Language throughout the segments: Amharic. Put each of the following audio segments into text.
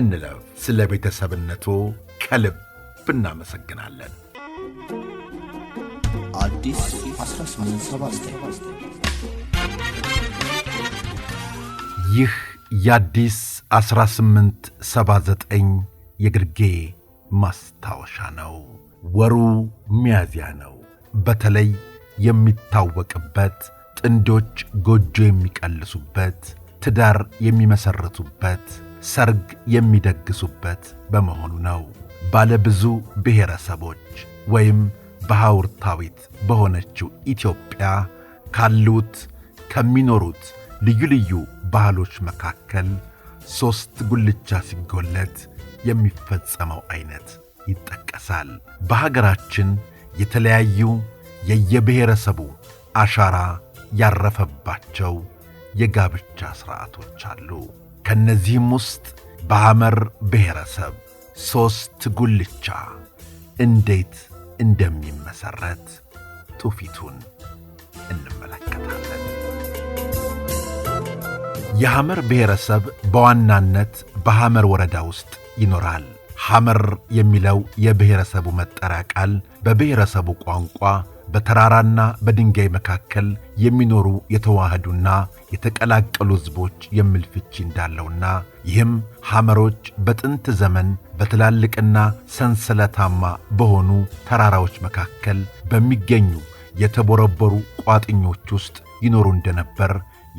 እንለፍ። ስለ ቤተሰብነቱ ከልብ እናመሰግናለን። ይህ የአዲስ 1879 የግርጌ ማስታወሻ ነው። ወሩ ሚያዝያ ነው። በተለይ የሚታወቅበት ጥንዶች ጎጆ የሚቀልሱበት፣ ትዳር የሚመሰርቱበት ሰርግ የሚደግሱበት በመሆኑ ነው። ባለ ብዙ ብሔረሰቦች ወይም በሐውርታዊት በሆነችው ኢትዮጵያ ካሉት ከሚኖሩት ልዩ ልዩ ባህሎች መካከል ሦስት ጉልቻ ሲጎለት የሚፈጸመው ዐይነት ይጠቀሳል። በሀገራችን የተለያዩ የየብሔረሰቡ አሻራ ያረፈባቸው የጋብቻ ሥርዓቶች አሉ። ከእነዚህም ውስጥ በሐመር ብሔረሰብ ሦስት ጉልቻ እንዴት እንደሚመሠረት ትውፊቱን እንመለከታለን። የሐመር ብሔረሰብ በዋናነት በሐመር ወረዳ ውስጥ ይኖራል። ሐመር የሚለው የብሔረሰቡ መጠሪያ ቃል በብሔረሰቡ ቋንቋ በተራራና በድንጋይ መካከል የሚኖሩ የተዋህዱና የተቀላቀሉ ሕዝቦች የሚል ፍቺ እንዳለውና ይህም ሐመሮች በጥንት ዘመን በትላልቅና ሰንሰለታማ በሆኑ ተራራዎች መካከል በሚገኙ የተቦረቦሩ ቋጥኞች ውስጥ ይኖሩ እንደነበር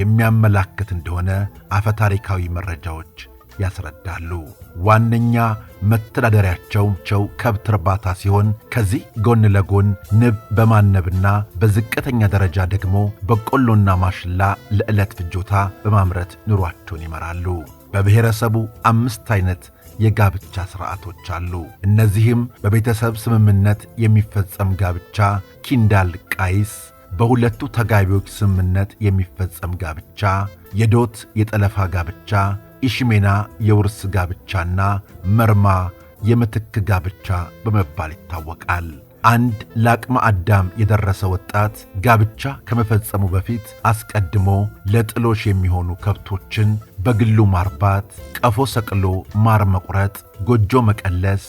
የሚያመላክት እንደሆነ አፈታሪካዊ መረጃዎች ያስረዳሉ። ዋነኛ መተዳደሪያቸው ከብት እርባታ ሲሆን ከዚህ ጎን ለጎን ንብ በማነብና በዝቅተኛ ደረጃ ደግሞ በቆሎና ማሽላ ለዕለት ፍጆታ በማምረት ኑሯቸውን ይመራሉ። በብሔረሰቡ አምስት ዓይነት የጋብቻ ሥርዓቶች አሉ። እነዚህም በቤተሰብ ስምምነት የሚፈጸም ጋብቻ ኪንዳል ቃይስ፣ በሁለቱ ተጋቢዎች ስምምነት የሚፈጸም ጋብቻ፣ የዶት የጠለፋ ጋብቻ ኢሽሜና የውርስ ጋብቻና መርማ የምትክ ጋብቻ በመባል ይታወቃል። አንድ ለአቅመ አዳም የደረሰ ወጣት ጋብቻ ከመፈጸሙ በፊት አስቀድሞ ለጥሎሽ የሚሆኑ ከብቶችን በግሉ ማርባት፣ ቀፎ ሰቅሎ ማር መቁረጥ፣ ጎጆ መቀለስ፣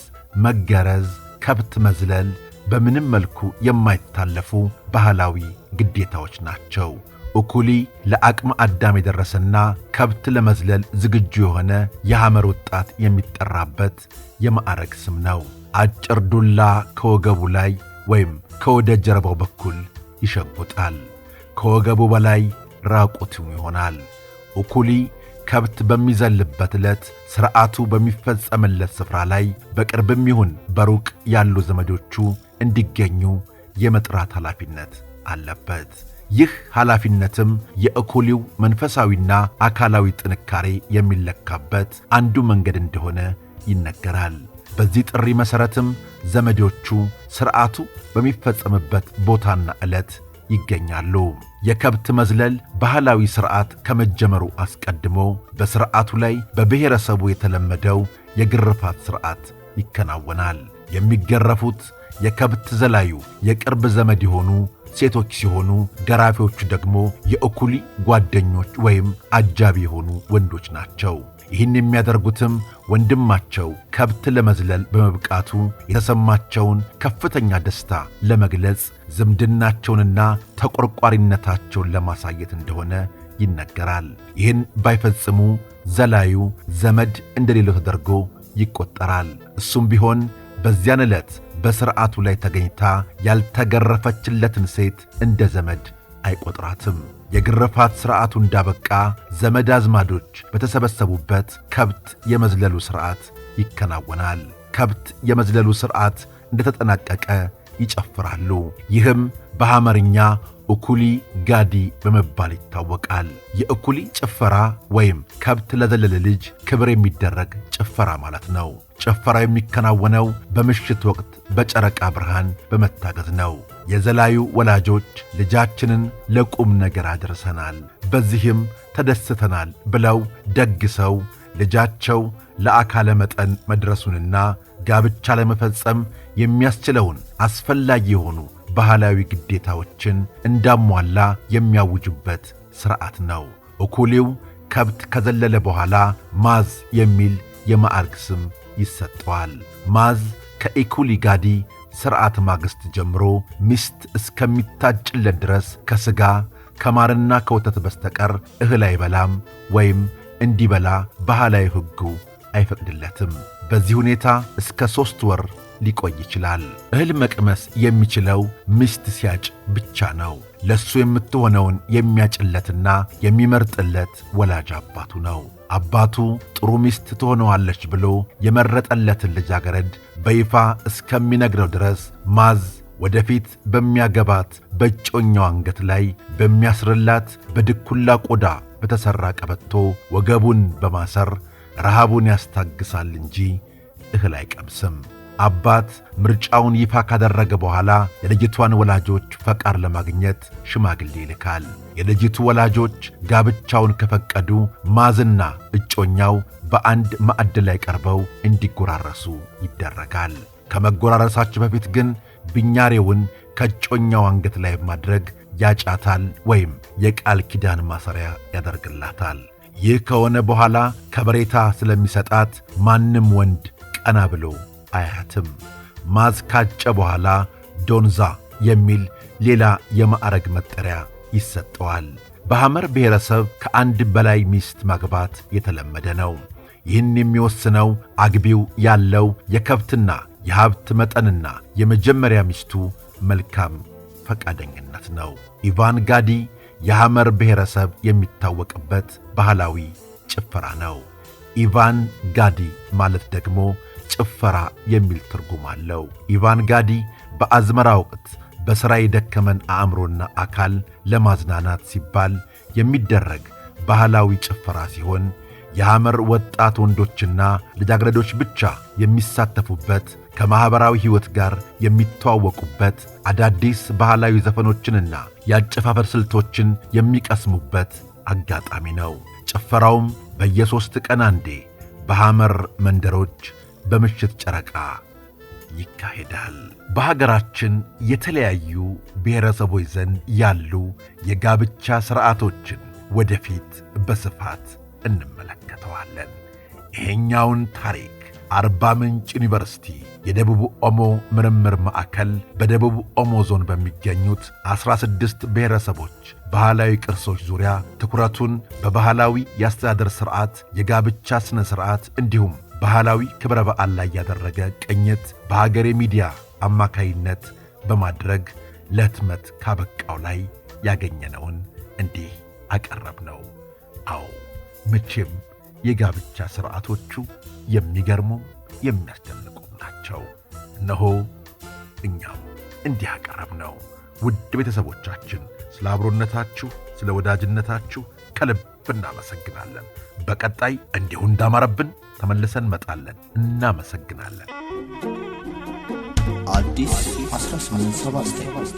መገረዝ፣ ከብት መዝለል በምንም መልኩ የማይታለፉ ባህላዊ ግዴታዎች ናቸው። እኩሊ ለአቅመ አዳም የደረሰና ከብት ለመዝለል ዝግጁ የሆነ የሐመር ወጣት የሚጠራበት የማዕረግ ስም ነው። አጭር ዱላ ከወገቡ ላይ ወይም ከወደ ጀርባው በኩል ይሸጉጣል። ከወገቡ በላይ ራቁትም ይሆናል። እኩሊ ከብት በሚዘልበት ዕለት ሥርዓቱ በሚፈጸምለት ስፍራ ላይ በቅርብም ይሁን በሩቅ ያሉ ዘመዶቹ እንዲገኙ የመጥራት ኃላፊነት አለበት። ይህ ኃላፊነትም የእኩሌው መንፈሳዊና አካላዊ ጥንካሬ የሚለካበት አንዱ መንገድ እንደሆነ ይነገራል። በዚህ ጥሪ መሠረትም ዘመዶቹ ሥርዓቱ በሚፈጸምበት ቦታና ዕለት ይገኛሉ። የከብት መዝለል ባህላዊ ሥርዓት ከመጀመሩ አስቀድሞ በሥርዓቱ ላይ በብሔረሰቡ የተለመደው የግርፋት ሥርዓት ይከናወናል። የሚገረፉት የከብት ዘላዩ የቅርብ ዘመድ የሆኑ ሴቶች ሲሆኑ ደራፊዎቹ ደግሞ የእኩሊ ጓደኞች ወይም አጃቢ የሆኑ ወንዶች ናቸው። ይህን የሚያደርጉትም ወንድማቸው ከብት ለመዝለል በመብቃቱ የተሰማቸውን ከፍተኛ ደስታ ለመግለጽ ዝምድናቸውንና ተቆርቋሪነታቸውን ለማሳየት እንደሆነ ይነገራል። ይህን ባይፈጽሙ ዘላዩ ዘመድ እንደሌለው ተደርጎ ይቆጠራል። እሱም ቢሆን በዚያን ዕለት በሥርዓቱ ላይ ተገኝታ ያልተገረፈችለትን ሴት እንደ ዘመድ አይቆጥራትም። የግርፋት ሥርዓቱ እንዳበቃ ዘመድ አዝማዶች በተሰበሰቡበት ከብት የመዝለሉ ሥርዓት ይከናወናል። ከብት የመዝለሉ ሥርዓት እንደተጠናቀቀ ይጨፍራሉ። ይህም በሐመርኛ እኩሊ ጋዲ በመባል ይታወቃል። የእኩሊ ጭፈራ ወይም ከብት ለዘለለ ልጅ ክብር የሚደረግ ጭፈራ ማለት ነው። ጭፈራው የሚከናወነው በምሽት ወቅት በጨረቃ ብርሃን በመታገዝ ነው። የዘላዩ ወላጆች ልጃችንን ለቁም ነገር አድርሰናል፣ በዚህም ተደስተናል ብለው ደግሰው ልጃቸው ለአካለ መጠን መድረሱንና ጋብቻ ለመፈጸም የሚያስችለውን አስፈላጊ የሆኑ ባህላዊ ግዴታዎችን እንዳሟላ የሚያውጅበት ሥርዓት ነው። እኩሌው ከብት ከዘለለ በኋላ ማዝ የሚል የማዕርግ ስም ይሰጠዋል። ማዝ ከኢኩሊ ጋዲ ሥርዓት ማግስት ጀምሮ ሚስት እስከሚታጭለት ድረስ ከሥጋ ከማርና ከወተት በስተቀር እህል አይበላም ወይም እንዲበላ ባህላዊ ሕጉ አይፈቅድለትም። በዚህ ሁኔታ እስከ ሦስት ወር ሊቆይ ይችላል። እህል መቅመስ የሚችለው ምስት ሲያጭ ብቻ ነው። ለሱ የምትሆነውን የሚያጭለትና የሚመርጥለት ወላጅ አባቱ ነው። አባቱ ጥሩ ሚስት ትሆነዋለች ብሎ የመረጠለትን ልጃገረድ በይፋ እስከሚነግረው ድረስ ማዝ ወደፊት በሚያገባት በእጮኛው አንገት ላይ በሚያስርላት በድኩላ ቆዳ በተሠራ ቀበቶ ወገቡን በማሰር ረሃቡን ያስታግሳል እንጂ እህል አይቀምስም። አባት ምርጫውን ይፋ ካደረገ በኋላ የልጅቷን ወላጆች ፈቃድ ለማግኘት ሽማግሌ ይልካል። የልጅቱ ወላጆች ጋብቻውን ከፈቀዱ ማዝና እጮኛው በአንድ ማዕድ ላይ ቀርበው እንዲጎራረሱ ይደረጋል። ከመጎራረሳቸው በፊት ግን ቢኛሬውን ከእጮኛው አንገት ላይ ማድረግ ያጫታል ወይም የቃል ኪዳን ማሰሪያ ያደርግላታል። ይህ ከሆነ በኋላ ከበሬታ ስለሚሰጣት ማንም ወንድ ቀና ብሎ አያትም! ማዝ ካጨ በኋላ ዶንዛ የሚል ሌላ የማዕረግ መጠሪያ ይሰጠዋል። በሐመር ብሔረሰብ ከአንድ በላይ ሚስት ማግባት የተለመደ ነው። ይህን የሚወስነው አግቢው ያለው የከብትና የሀብት መጠንና የመጀመሪያ ሚስቱ መልካም ፈቃደኝነት ነው። ኢቫን ጋዲ የሐመር ብሔረሰብ የሚታወቅበት ባህላዊ ጭፈራ ነው። ኢቫን ጋዲ ማለት ደግሞ ጭፈራ የሚል ትርጉም አለው። ኢቫን ጋዲ በአዝመራ ወቅት በሥራ የደከመን አእምሮና አካል ለማዝናናት ሲባል የሚደረግ ባህላዊ ጭፈራ ሲሆን የሐመር ወጣት ወንዶችና ልጃገረዶች ብቻ የሚሳተፉበት ከማኅበራዊ ሕይወት ጋር የሚተዋወቁበት አዳዲስ ባህላዊ ዘፈኖችንና የአጨፋፈር ስልቶችን የሚቀስሙበት አጋጣሚ ነው። ጭፈራውም በየሦስት ቀን አንዴ በሐመር መንደሮች በምሽት ጨረቃ ይካሄዳል። በሀገራችን የተለያዩ ብሔረሰቦች ዘንድ ያሉ የጋብቻ ሥርዓቶችን ወደፊት በስፋት እንመለከተዋለን። ይሄኛውን ታሪክ አርባ ምንጭ ዩኒቨርሲቲ የደቡብ ኦሞ ምርምር ማዕከል በደቡብ ኦሞ ዞን በሚገኙት 16 ስድስት ብሔረሰቦች ባህላዊ ቅርሶች ዙሪያ ትኩረቱን በባህላዊ የአስተዳደር ሥርዓት፣ የጋብቻ ሥነ ሥርዓት እንዲሁም ባህላዊ ክብረ በዓል ላይ ያደረገ ቅኝት በሀገሬ ሚዲያ አማካይነት በማድረግ ለህትመት ካበቃው ላይ ያገኘነውን እንዲህ አቀረብ ነው። አዎ መቼም የጋብቻ ሥርዓቶቹ የሚገርሙም የሚያስደንቁም ናቸው። እነሆ እኛም እንዲህ አቀረብ ነው። ውድ ቤተሰቦቻችን ስለ አብሮነታችሁ፣ ስለ ወዳጅነታችሁ ከልብ እናመሰግናለን። በቀጣይ እንዲሁ እንዳማረብን ተመልሰን መጣለን። እናመሰግናለን። አዲስ 1879